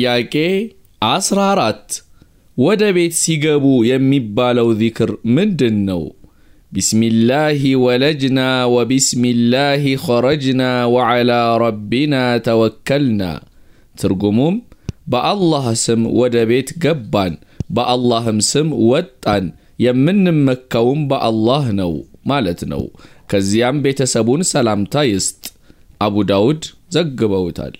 ጥያቄ 14 ወደ ቤት ሲገቡ የሚባለው ዚክር ምንድን ነው? ቢስሚላሂ ወለጅና ወቢስሚላሂ ኸረጅና ወዐላ ረቢና ተወከልና። ትርጉሙም በአላህ ስም ወደ ቤት ገባን፣ በአላህም ስም ወጣን፣ የምንመካውም በአላህ ነው ማለት ነው። ከዚያም ቤተሰቡን ሰላምታ ይስጥ። አቡ ዳውድ ዘግበውታል።